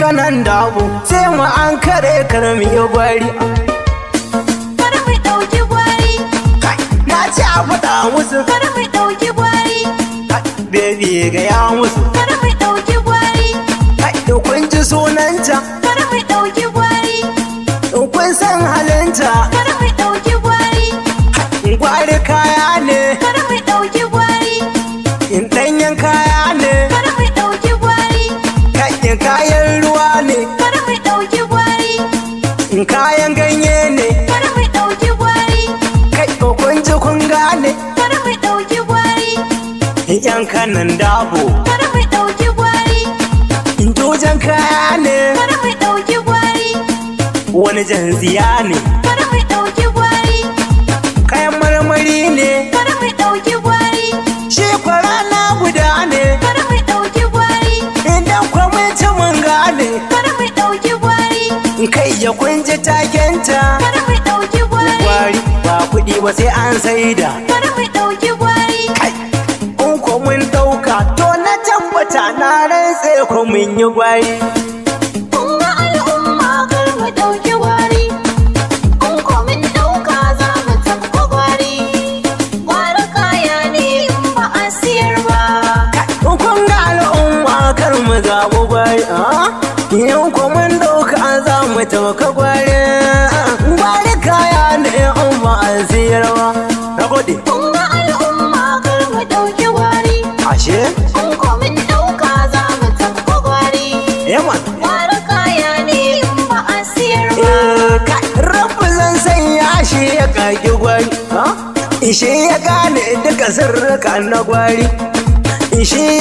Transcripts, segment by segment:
kanan dabu sai mu an kare karmi ya gwari kar mu dauki gwari na ce a faɗa musu kar mu dauki gwari baby ga ya musu kar mu dauki gwari kai da kun ji sunan ta. mu dauki gwari da kun san halin ta. mu dauki gwari gwari kaya ne kar mu dauki gwari in danyen kaya ne kar kayan ruwa ne kar mai dauki gwari kayan ganye ne kar mai dauki gwari kai ko kun ji kun gane kar mai dauki gwari yan kanan dabo kar mai dauki gwari dojan kaya ne kar mai dauki gwari wani jan ziya ne kar mun gane kar mu dauki gwari kai ya kunji takenta kar mu dauki gwari gwari ba kudi ba sai an saida kar mu dauki gwari kai in ko mun dauka to na tabbata na rantse ko mun yi gwari umma al'umma kar mu dauki gwari Ah, gwari yau kwamin za mu tauka gwari gwari kaya da yan ba a siyarwa na gode al'umma kar gwari za mu kaya ne in ba a eh, eh, rabu zan sanya gwari ah, Ishi ya gane duka sirrika na gwari Ishi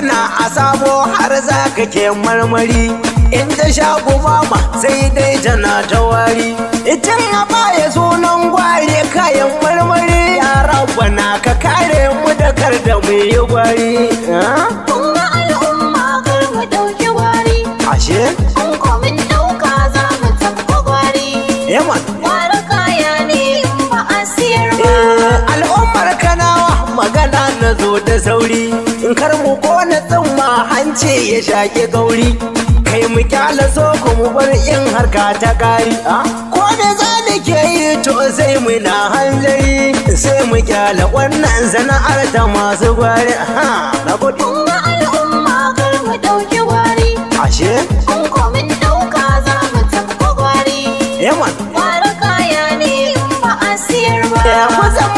kana a sabo har za ka ke marmari in ta sha ma sai dai tana ta wari itin a baya sunan gware kayan marmari ya rabbana ka kare mu da kar da mu yi gwari Yeah, al'umma da sauri in kar mu kona ma hance ya shaƙi gauri kai mu kyala so ku mu bar in harka ta kari ko me za mu ke yi to sai mu na hanzari sai mu kyala wannan sana'ar ta masu gwari ha na gudu kuma al'umma kar mu ɗauki gwari ashe kun komin ɗauka za mu tafi gwari yaman kaya ne ba a siyar ba eh,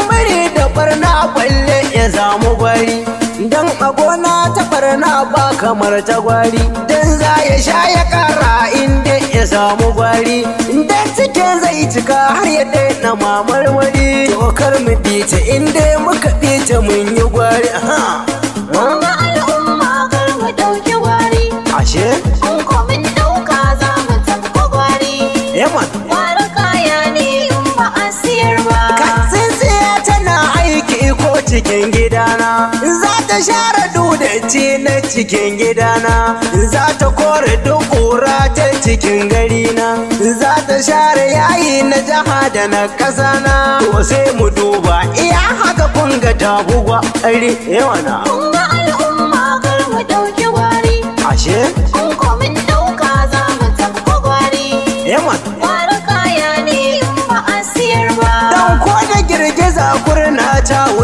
ne za mu bari dan a gona ta farna ba kamar ta gwari dan za ya sha ya kara inda ya samu gwari dan cike zai cika har ya daina mamarmari tokar mu bi ta inda muka bi mun yi gwari ha mun al'umma kar mu dauki gwari ashe an komin dauka za mu tafi gwari yaman gwari kaya ne in ba a siyar ba cikin gidana za ta share dudaci na cikin gidana za ta kore duk ƙura ta cikin na za ta share yayi na jaha da na kasana to sai mu duba iya haka kun ga tabuwa ɗari yawana eh kun ga al'umma kar mu ɗauki wari ashe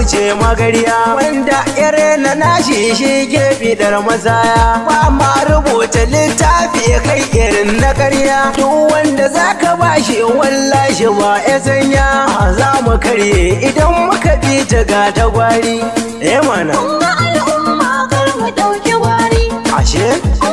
ce magarya wanda ire na nashi shi gefe da mazaya ba ma rubuta littafi kai irin na karya duk wanda zaka bashi wallashi ba ya sanya za mu karye idan muka bi ta ga ta gwari eh mana al'umma kar mu dauki gwari ashe